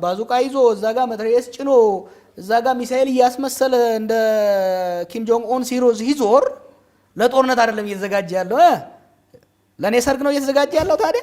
ባዙቃ ይዞ እዛ ጋ መትረየስ ጭኖ እዛ ጋ ሚሳኤል እያስመሰለ እንደ ኪም ጆንግ ኦን ሲሮዝ ሂዞር ለጦርነት አይደለም እየተዘጋጀ ያለው። ለእኔ ሰርግ ነው እየተዘጋጀ ያለው ታዲያ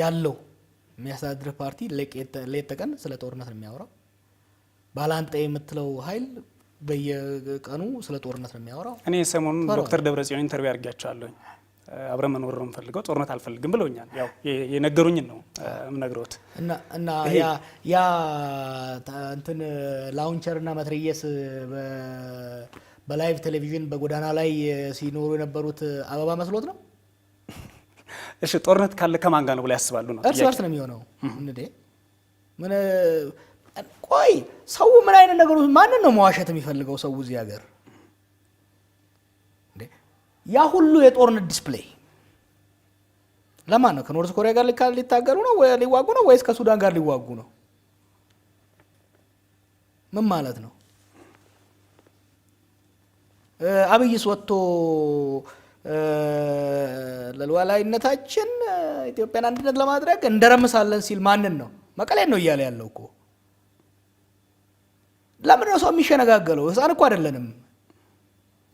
ያለው የሚያሳድር ፓርቲ ሌት ተቀን ስለ ጦርነት ነው የሚያወራው። ባላንጣ የምትለው ኃይል በየቀኑ ስለ ጦርነት ነው የሚያወራው። እኔ ሰሞኑን ዶክተር ደብረጽዮን ኢንተርቪው አድርጊያቸዋለሁኝ። አብረ መኖር ነው የምፈልገው፣ ጦርነት አልፈልግም ብለውኛል። ያው የነገሩኝን ነው የምነግረውት። እና ያ እንትን ላውንቸር እና መትረየስ በላይቭ ቴሌቪዥን በጎዳና ላይ ሲኖሩ የነበሩት አበባ መስሎት ነው እሺ ጦርነት ካለ ከማን ጋር ነው ብላ ያስባሉ? ነው እርስ በርስ ነው የሚሆነው። እንዴ ምን ቆይ ሰው ምን አይነት ነገሮች ማንን ነው መዋሸት የሚፈልገው ሰው እዚህ ሀገር? ያ ሁሉ የጦርነት ዲስፕሌይ ለማን ነው? ከኖርዝ ኮሪያ ጋር ሊታገሉ ነው ሊዋጉ ነው ወይስ ከሱዳን ጋር ሊዋጉ ነው? ምን ማለት ነው? አብይስ ወጥቶ ለሉዓላዊነታችን ኢትዮጵያን አንድነት ለማድረግ እንደረምሳለን ሲል ማንን ነው? መቀሌን ነው እያለ ያለው እኮ። ለምንድን ነው ሰው የሚሸነጋገለው? ህፃን እኮ አይደለንም።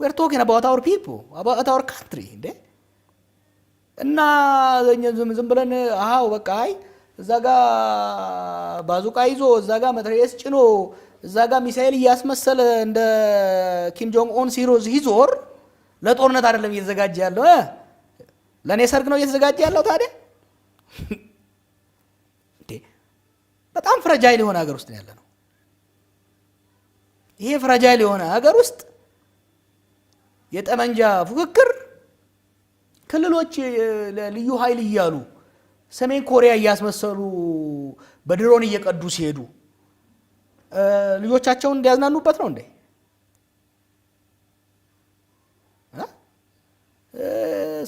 ዌር ቶኪን አባውት አወር ፒፕ አባውት አወር ካንትሪ እንዴ። እና ዝም ብለን አው በቃ አይ እዛ ጋ ባዙቃ ይዞ እዛ ጋ መትረየስ ጭኖ እዛ ጋ ሚሳኤል እያስመሰለ እንደ ኪም ጆንግ ኦን ሲሮዝ ሂዞር ለጦርነት አይደለም እየተዘጋጀ ያለው። ለእኔ ሰርግ ነው እየተዘጋጀ ያለው። ታዲያ በጣም ፍረጃይል የሆነ ሀገር ውስጥ ያለ ነው። ይሄ ፍረጃይል የሆነ ሀገር ውስጥ የጠመንጃ ፉክክር ክልሎች ልዩ ኃይል እያሉ ሰሜን ኮሪያ እያስመሰሉ በድሮን እየቀዱ ሲሄዱ ልጆቻቸውን እንዲያዝናኑበት ነው እንዴ?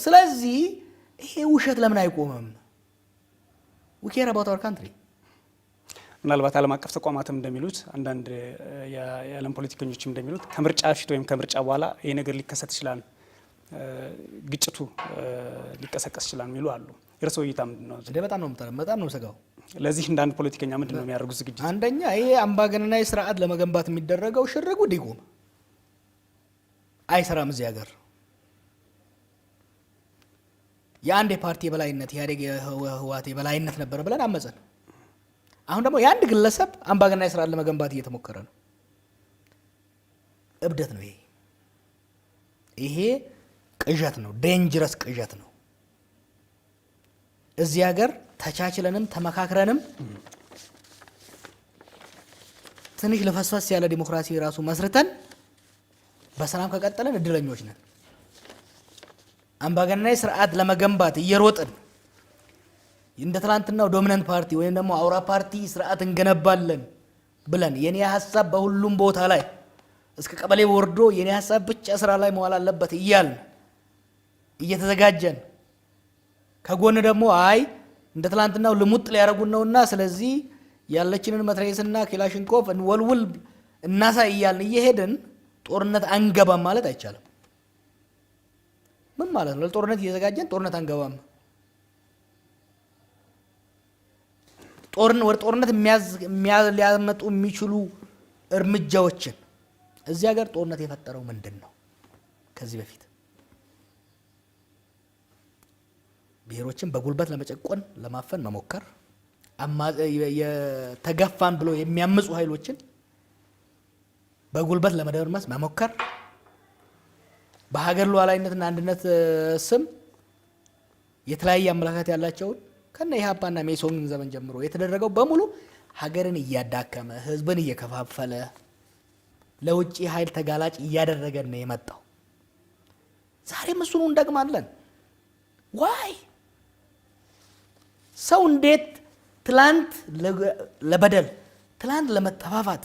ስለዚህ ይሄ ውሸት ለምን አይቆምም? ዊኬር አባት አወር ካንትሪ ምናልባት ዓለም አቀፍ ተቋማትም እንደሚሉት አንዳንድ የዓለም ፖለቲከኞችም እንደሚሉት ከምርጫ ፊት ወይም ከምርጫ በኋላ ይህ ነገር ሊከሰት ይችላል፣ ግጭቱ ሊቀሰቀስ ይችላል የሚሉ አሉ። የእርስዎ እይታ ምንድን ነው? በጣም ነው በጣም ነው ሰጋው። ለዚህ እንደ አንድ ፖለቲከኛ ምንድን ነው የሚያደርጉት ዝግጅት? አንደኛ ይሄ አምባገነናዊ ስርዓት ለመገንባት የሚደረገው ሽርጉድ ይቁም። አይሰራም እዚህ ሀገር የአንድ የፓርቲ የበላይነት ኢህአዴግ የህወሀት የበላይነት ነበር ብለን አመፀን። አሁን ደግሞ የአንድ ግለሰብ አምባገነናዊ ስርዓት ለመገንባት እየተሞከረ ነው። እብደት ነው ይሄ። ይሄ ቅዠት ነው፣ ዴንጅረስ ቅዠት ነው። እዚህ ሀገር ተቻችለንም ተመካክረንም ትንሽ ልፈስፈስ ያለ ዲሞክራሲ ራሱ መስርተን በሰላም ከቀጠለን እድለኞች ነን። አምባገነናዊ ስርዓት ለመገንባት እየሮጥን እንደ ትናንትናው ዶሚናንት ፓርቲ ወይም ደግሞ አውራ ፓርቲ ስርዓት እንገነባለን ብለን የኔ ሀሳብ በሁሉም ቦታ ላይ እስከ ቀበሌ ወርዶ የኔ ሀሳብ ብቻ ስራ ላይ መዋል አለበት እያልን እየተዘጋጀን ከጎን ደግሞ አይ እንደ ትላንትናው ልሙጥ ሊያደርጉን ነውና ስለዚህ ያለችንን መትረየስና ኪላሽንኮቭ እንወልውል እናሳይ እያልን እየሄድን ጦርነት አንገባም ማለት አይቻልም። ምን ማለት ነው? ለጦርነት እየዘጋጀን ጦርነት አንገባም። ጦርን ወደ ጦርነት ሊያመጡ የሚችሉ እርምጃዎችን እዚህ ሀገር ጦርነት የፈጠረው ምንድን ነው? ከዚህ በፊት ብሔሮችን በጉልበት ለመጨቆን ለማፈን መሞከር፣ የተገፋን ብሎ የሚያምፁ ኃይሎችን በጉልበት ለመደርመስ መሞከር በሀገር ሉዓላዊነትና አንድነት ስም የተለያየ አመለካከት ያላቸውን ከነ ኢህአፓና ሜሶን ዘመን ጀምሮ የተደረገው በሙሉ ሀገርን እያዳከመ ህዝብን እየከፋፈለ ለውጭ ኃይል ተጋላጭ እያደረገን ነው የመጣው። ዛሬም እሱኑ እንደግማለን። ዋይ ሰው እንዴት ትላንት ለበደል፣ ትላንት ለመተፋፋት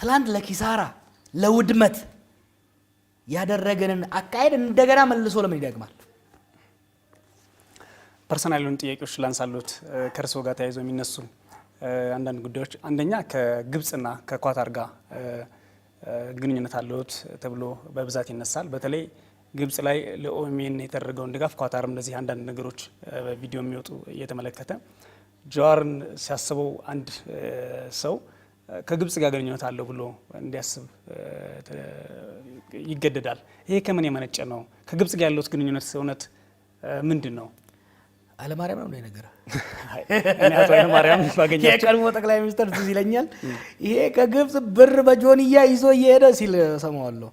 ትላንት ለኪሳራ፣ ለውድመት ያደረገንን አካሄድ እንደገና መልሶ ለምን ይደግማል? ፐርሰናል የሆኑ ጥያቄዎች ላንሳሉት ከእርስዎ ጋር ተያይዞ የሚነሱ አንዳንድ ጉዳዮች፣ አንደኛ ከግብፅና ከኳታር ጋር ግንኙነት አለዎት ተብሎ በብዛት ይነሳል። በተለይ ግብጽ ላይ ለኦሜን የተደረገውን ድጋፍ ኳታርም እንደዚህ አንዳንድ ነገሮች በቪዲዮ የሚወጡ እየተመለከተ ጀዋርን ሲያስበው አንድ ሰው ከግብጽ ጋር ግንኙነት አለው ብሎ እንዲያስብ ይገደዳል። ይሄ ከምን የመነጨ ነው? ከግብጽ ጋር ያለውት ግንኙነት እውነት ምንድን ነው? አለማርያም ነው ነገር የቀድሞ ጠቅላይ ሚኒስትር ትዝ ይለኛል። ይሄ ከግብጽ ብር በጆንያ ይዞ እየሄደ ሲል ሰማዋለሁ።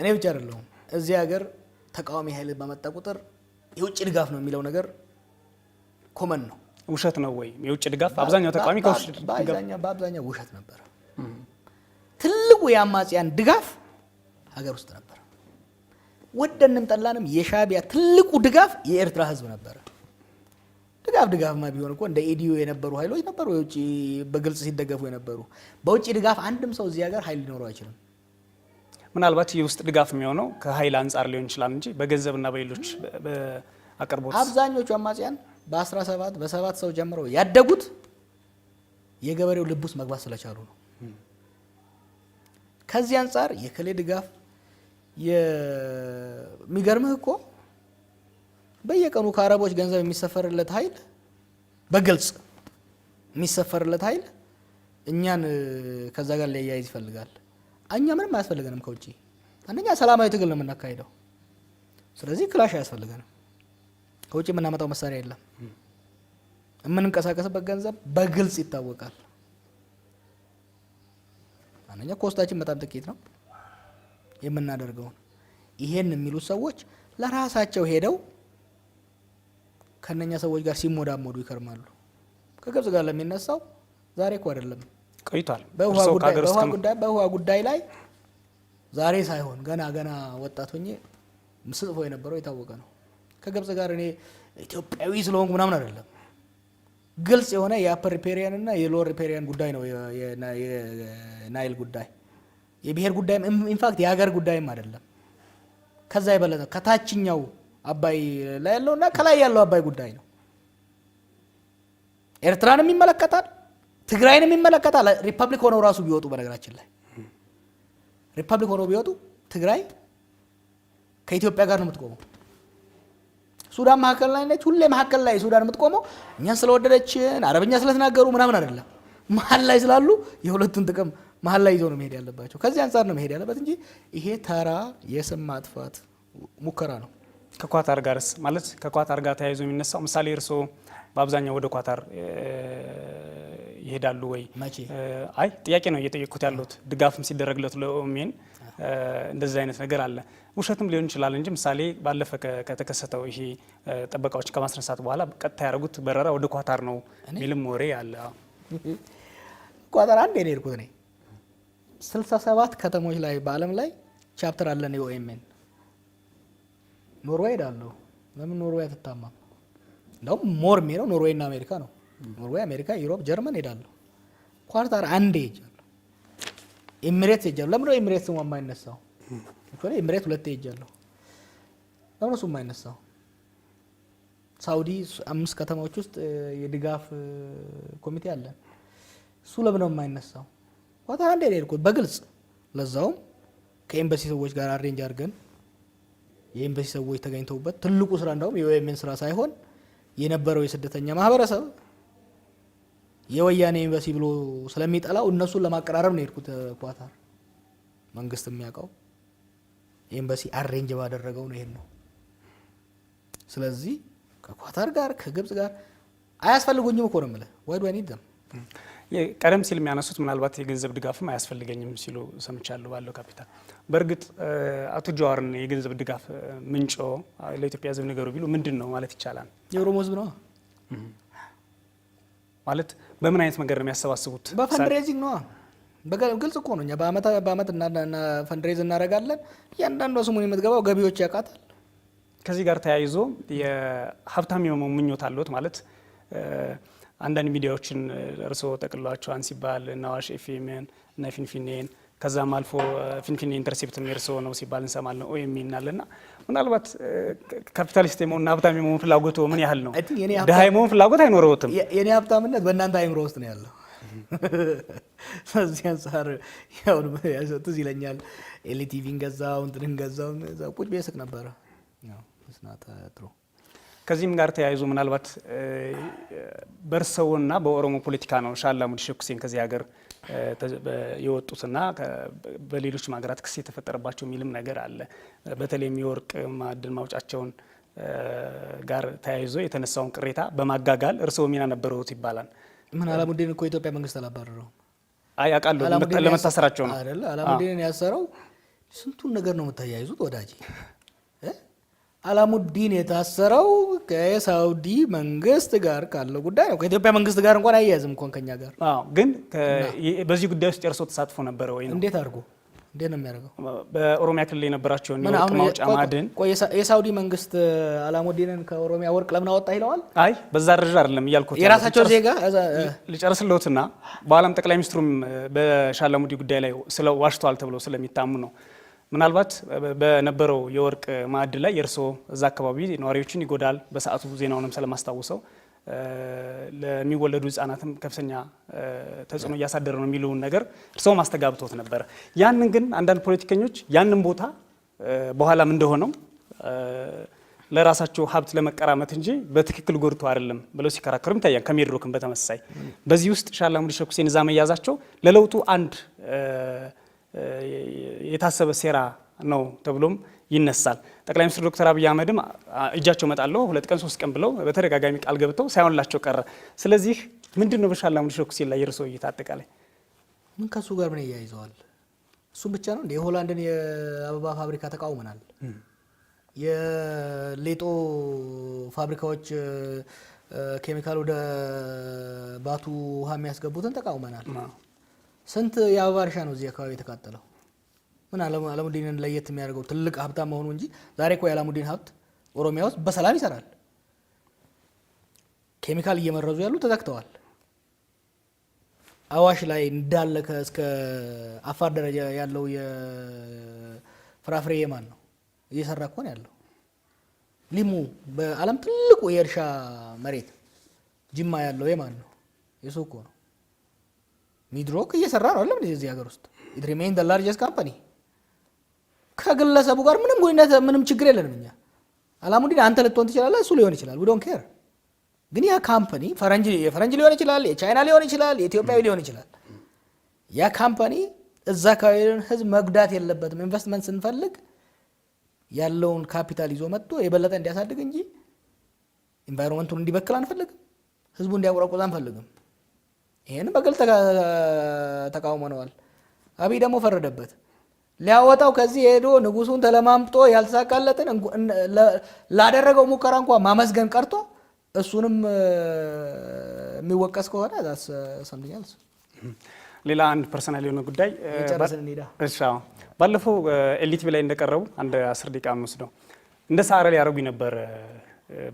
እኔ ብቻ አይደለሁም። እዚህ ሀገር ተቃዋሚ ኃይል በመጣ ቁጥር የውጭ ድጋፍ ነው የሚለው ነገር ኮመን ነው። ውሸት ነው ወይ? የውጭ ድጋፍ አብዛኛው ተቃዋሚ በአብዛኛው ውሸት ነበረ። ትልቁ የአማጽያን ድጋፍ ሀገር ውስጥ ነበረ። ወደንም ጠላንም የሻቢያ ትልቁ ድጋፍ የኤርትራ ህዝብ ነበረ። ድጋፍ ድጋፍማ ቢሆን እኮ እንደ ኤዲዮ የነበሩ ኃይሎች ነበሩ፣ የውጭ በግልጽ ሲደገፉ የነበሩ። በውጭ ድጋፍ አንድም ሰው እዚህ ሀገር ኃይል ሊኖረው አይችልም። ምናልባት የውስጥ ድጋፍ የሚሆነው ከኃይል አንጻር ሊሆን ይችላል እንጂ በገንዘብና በሌሎች አቅርቦት አብዛኞቹ አማጽያን በ17 በሰባት ሰው ጀምረው ያደጉት የገበሬው ልብ ውስጥ መግባት ስለቻሉ ነው። ከዚህ አንጻር የከሌ ድጋፍ የሚገርምህ እኮ በየቀኑ ከአረቦች ገንዘብ የሚሰፈርለት ኃይል በግልጽ የሚሰፈርለት ኃይል እኛን ከዛ ጋር ሊያያይዝ ይፈልጋል። እኛ ምንም አያስፈልገንም ከውጭ አንደኛ ሰላማዊ ትግል ነው የምናካሄደው። ስለዚህ ክላሽ አያስፈልገንም። ከውጭ የምናመጣው መሳሪያ የለም። የምንንቀሳቀስበት ገንዘብ በግልጽ ይታወቃል። አንደኛ ኮስታችን በጣም ጥቂት ነው የምናደርገውን። ይሄን የሚሉት ሰዎች ለራሳቸው ሄደው ከነኛ ሰዎች ጋር ሲሞዳሞዱ ይከርማሉ። ከግብጽ ጋር ለሚነሳው ዛሬ እኮ አይደለም ቆይቷል። በውሃ ጉዳይ ላይ ዛሬ ሳይሆን ገና ገና ወጣት ሆኜ ስጽፎ የነበረው የታወቀ ነው። ከግብጽ ጋር እኔ ኢትዮጵያዊ ስለሆንኩ ምናምን አይደለም። ግልጽ የሆነ የአፐር ሪፔሪያን እና የሎር ሪፔሪያን ጉዳይ ነው የናይል ጉዳይ። የብሔር ጉዳይም ኢንፋክት የሀገር ጉዳይም አይደለም። ከዛ የበለጠ ከታችኛው አባይ ላይ ያለው እና ከላይ ያለው አባይ ጉዳይ ነው። ኤርትራንም ይመለከታል፣ ትግራይንም ይመለከታል። ሪፐብሊክ ሆነው ራሱ ቢወጡ በነገራችን ላይ ሪፐብሊክ ሆነው ቢወጡ ትግራይ ከኢትዮጵያ ጋር ነው የምትቆመው። ሱዳን መካከል ላይ ነች። ሁሌ መካከል ላይ ሱዳን የምትቆመው እኛን ስለወደደችን አረብኛ ስለተናገሩ ምናምን አይደለም። መሀል ላይ ስላሉ የሁለቱን ጥቅም መሀል ላይ ይዘው ነው መሄድ ያለባቸው። ከዚህ አንጻር ነው መሄድ ያለበት እንጂ ይሄ ተራ የስም ማጥፋት ሙከራ ነው። ከኳታር ጋርስ ማለት ከኳታር ጋር ተያይዞ የሚነሳው ምሳሌ እርስዎ በአብዛኛው ወደ ኳታር ይሄዳሉ ወይ? አይ ጥያቄ ነው እየጠየቅኩት ያለሁት ድጋፍም ሲደረግለት ለኦሜን እንደዚህ አይነት ነገር አለ። ውሸትም ሊሆን ይችላል እንጂ ምሳሌ ባለፈ ከተከሰተው ይሄ ጠበቃዎች ከማስነሳት በኋላ ቀጥታ ያደረጉት በረራ ወደ ኳታር ነው የሚልም ወሬ አለ። ኳታር አንድ ነው የሄድኩት እኔ። ስልሳ ሰባት ከተሞች ላይ በአለም ላይ ቻፕተር አለን የኦኤምን። ኖርዌይ ሄዳለሁ። ለምን ኖርዌይ አትታማም? እንደውም ሞር የሚሄደው ኖርዌይ እና አሜሪካ ነው። ኖርዌይ፣ አሜሪካ፣ ዩሮፕ፣ ጀርመን ሄዳለሁ። ኳታር አንዴ ኤሚሬትስ ሄጃለሁ። ለምንድነው ኤሚሬትስ ስሟ የማይነሳው? ኤምሬት ሁለቴ ሄጃለሁ። ለምን እሱ የማይነሳው? ሳውዲ አምስት ከተማዎች ውስጥ የድጋፍ ኮሚቴ አለ። እሱ ለምን ነው የማይነሳው? ዋታ አንድ ሄድኩት በግልጽ ለዛውም ከኤምባሲ ሰዎች ጋር አሬንጅ አድርገን የኤምባሲ ሰዎች ተገኝተውበት ትልቁ ስራ እንደውም የኦኤምኤን ስራ ሳይሆን የነበረው የስደተኛ ማህበረሰብ የወያኔ ኤምባሲ ብሎ ስለሚጠላው እነሱን ለማቀራረብ ነው የሄድኩት ኳታር። መንግስት የሚያውቀው ኤምባሲ አሬንጅ ባደረገው ነው ይሄን ነው። ስለዚህ ከኳታር ጋር ከግብጽ ጋር አያስፈልጉኝም እኮ ነው የምልህ። ዋይ ዱ አይ ኒድ ዘም ቀደም ሲል የሚያነሱት ምናልባት የገንዘብ ድጋፍም አያስፈልገኝም ሲሉ ሰምቻለሁ። ባለው ካፒታል በእርግጥ አቶ ጀዋርን የገንዘብ ድጋፍ ምንጮ ለኢትዮጵያ ሕዝብ ነገሩ ቢሉ ምንድን ነው ማለት ይቻላል? የኦሮሞ ሕዝብ ነው ማለት በምን አይነት መንገድ ነው የሚያሰባስቡት? በፈንድሬዚንግ ነዋ። ግልጽ እኮ ነው። እኛ በአመት ፈንድሬዝ እናደርጋለን። እያንዳንዷ ስሙን የምትገባው ገቢዎች ያውቃታል። ከዚህ ጋር ተያይዞ የሀብታም የመሆን ምኞት አለት ማለት አንዳንድ ሚዲያዎችን እርስዎ ጠቅልሏቸዋን ሲባል ነዋሽ ኤፍኤምን እና ፊንፊኔን ከዛም አልፎ ፊንፊኔ ኢንተርሴፕት የእርስዎ ነው ሲባል እንሰማለን። ኦ የሚናልና ምናልባት ካፒታሊስት የመሆንና ሀብታም የመሆን ፍላጎት ምን ያህል ነው? ድሃ የመሆን ፍላጎት አይኖረውትም። የኔ ሀብታምነት በእናንተ አይምሮ ውስጥ ነው ያለው። ስለዚህ አንጻር ትዝ ይለኛል ኤልቲቪን ገዛው እንትንን ገዛው ቁጭ ብዬ ነበረ ነበረ ድሮ ከዚህም ጋር ተያይዞ ምናልባት በእርሰውና በኦሮሞ ፖለቲካ ነው ሻላሙዲ ሸኩሴን ከዚህ ሀገር የወጡትና በሌሎች ሀገራት ክስ የተፈጠረባቸው የሚልም ነገር አለ። በተለይም የወርቅ ማዕድን ማውጫቸውን ጋር ተያይዞ የተነሳውን ቅሬታ በማጋጋል እርስዎ ሚና ነበረውት ይባላል። ምን አላሙዲን እኮ የኢትዮጵያ መንግስት አላባረረው። አይ አቃሉ ለመታሰራቸው ነው። አላሙዲን ያሰረው ስንቱን ነገር ነው የምታያይዙት ወዳጅ አላሙዲን የታሰረው ከሳውዲ መንግስት ጋር ካለው ጉዳይ ነው። ከኢትዮጵያ መንግስት ጋር እንኳን አያያዝም እንኳን ከኛ ጋር። ግን በዚህ ጉዳይ ውስጥ የእርስዎ ተሳትፎ ነበረ ወይ? እንዴት አድርጎ እንዴት ነው የሚያደርገው? በኦሮሚያ ክልል የነበራቸውን የወርቅ ማውጫ ማዕድን የሳውዲ መንግስት አላሙዲንን ከኦሮሚያ ወርቅ ለምን አወጣ ይለዋል። አይ በዛ ደረጃ አይደለም እያልኩት የራሳቸው ዜጋ ልጨርስልዎትና በኋላም ጠቅላይ ሚኒስትሩም በሻለሙዲ ጉዳይ ላይ ስለ ዋሽተዋል ተብሎ ስለሚታሙ ነው ምናልባት በነበረው የወርቅ ማዕድ ላይ የእርስዎ እዛ አካባቢ ነዋሪዎችን ይጎዳል፣ በሰዓቱ ዜናውንም ስለማስታውሰው ለሚወለዱ ህጻናትም ከፍተኛ ተጽዕኖ እያሳደረ ነው የሚለውን ነገር እርስዎ ማስተጋብቶት ነበር። ያንን ግን አንዳንድ ፖለቲከኞች ያንን ቦታ በኋላም እንደሆነው ለራሳቸው ሀብት ለመቀራመት እንጂ በትክክል ጎድቶ አይደለም ብለው ሲከራከሩ ይታያል። ከሜድሮክን በተመሳሳይ በዚህ ውስጥ ሻላሙዲ እዛ መያዛቸው ለለውጡ አንድ የታሰበ ሴራ ነው ተብሎም ይነሳል። ጠቅላይ ሚኒስትር ዶክተር አብይ አህመድም እጃቸው እመጣለሁ ሁለት ቀን ሶስት ቀን ብለው በተደጋጋሚ ቃል ገብተው ሳይሆንላቸው ቀረ። ስለዚህ ምንድን ነው በሻላ ሙሉ ሾክ ሲል ላይ የርሶ እይታ አጠቃላይ ምን ከሱ ጋር ምን እያይዘዋል? እሱም ብቻ ነው የሆላንድን የአበባ ፋብሪካ ተቃውመናል። የሌጦ ፋብሪካዎች ኬሚካል ወደ ባቱ ውሃ የሚያስገቡትን ተቃውመናል። ስንት የአበባ እርሻ ነው እዚህ አካባቢ የተቃጠለው? ምን አላሙዲንን ለየት የሚያደርገው ትልቅ ሀብታም መሆኑ እንጂ ዛሬ እኮ የአለሙዲን ሀብት ኦሮሚያ ውስጥ በሰላም ይሰራል። ኬሚካል እየመረዙ ያሉ ተዘግተዋል። አዋሽ ላይ እንዳለ እስከ አፋር ደረጃ ያለው የፍራፍሬ የማን ነው እየሰራ ከሆን ያለው። ሊሙ በዓለም ትልቁ የእርሻ መሬት ጅማ ያለው የማን ነው? የሱ እኮ ነው። ሚድሮክ እየሰራ ነው አለም እዚህ ሀገር ውስጥ ኢት ሪሜይን ዘ ላርጀስት ካምፓኒ። ከግለሰቡ ጋር ምንም ግንኙነት ምንም ችግር የለንም እኛ። አላሙዲን አንተ ልትሆን ትችላለህ፣ እሱ ሊሆን ይችላል። ዶን ኬር። ግን ያ ካምፓኒ ፈረንጅ የፈረንጅ ሊሆን ይችላል፣ የቻይና ሊሆን ይችላል፣ የኢትዮጵያዊ ሊሆን ይችላል። ያ ካምፓኒ እዛ አካባቢ ህዝብ መጉዳት የለበትም። ኢንቨስትመንት ስንፈልግ ያለውን ካፒታል ይዞ መጥቶ የበለጠ እንዲያሳድግ እንጂ ኢንቫይሮንመንቱን እንዲበክል አንፈልግም። ህዝቡ እንዲያቆራቁዝ አንፈልግም። ይህን በግልጽ ተቃውመነዋል። አብይ ደግሞ ፈረደበት። ሊያወጣው ከዚህ ሄዶ ንጉሱን ተለማምጦ ያልተሳካለትን ላደረገው ሙከራ እንኳ ማመስገን ቀርቶ እሱንም የሚወቀስ ከሆነ ሰምኛል። ሌላ አንድ ፐርሰናል የሆነ ጉዳይ ባለፈው ኤሊቲቪ ላይ እንደቀረቡ አንድ አስር ደቂቃ ወስደው እንደ ሳረ ሊያደርጉኝ ነበር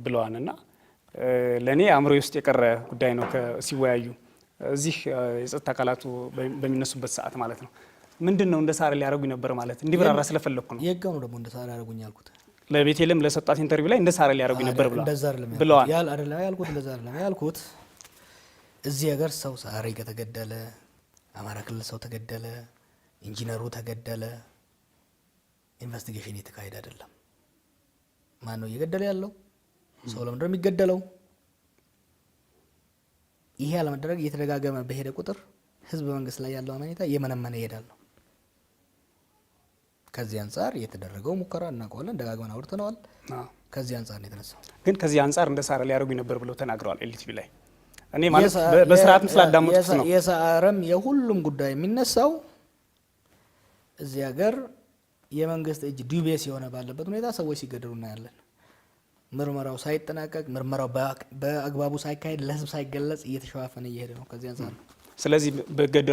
ብለዋን እና ለእኔ አእምሮ ውስጥ የቀረ ጉዳይ ነው ሲወያዩ እዚህ የጸጥታ አካላቱ በሚነሱበት ሰዓት ማለት ነው። ምንድን ነው እንደ ሳር ሊያደርጉኝ ነበር ማለት እንዲብራራ ስለፈለግኩ ነው። የህግ ነው ደግሞ እንደ ሳር ያደርጉኝ ያልኩት። ለቤቴልም ለሰጣት ኢንተርቪው ላይ እንደ ሳር ሊያደርጉኝ ነበር ብለዋል። ያልኩት እንደዛ አይደለም ያልኩት። እዚህ ሀገር ሰው ሳሪ ከተገደለ፣ አማራ ክልል ሰው ተገደለ፣ ኢንጂነሩ ተገደለ፣ ኢንቨስቲጌሽን የተካሄደ አይደለም። ማን ነው እየገደለ ያለው? ሰው ለምንድነው የሚገደለው? ይሄ አለመደረግ እየተደጋገመ በሄደ ቁጥር ህዝብ መንግስት ላይ ያለው አመኔታ እየመነመነ ይሄዳል ነው። ከዚህ አንጻር የተደረገው ሙከራ እናውቀዋለን፣ ደጋግመን አውርተነዋል። ከዚህ አንጻር ነው የተነሳው። ግን ከዚህ አንጻር እንደ ሳረ ሊያደርጉ ነበር ብለው ተናግረዋል ኤልቲቪ ላይ። እኔ ማለት በስርዓትም ስላዳመጡት ነው። የሳረም የሁሉም ጉዳይ የሚነሳው እዚህ ሀገር የመንግስት እጅ ዱቤስ የሆነ ባለበት ሁኔታ ሰዎች ሲገደሉ እናያለን። ምርመራው ሳይጠናቀቅ ምርመራው በአግባቡ ሳይካሄድ ለህዝብ ሳይገለጽ እየተሸፋፈነ እየሄደ ነው። ከዚህ አንጻር ነው። ስለዚህ በገደ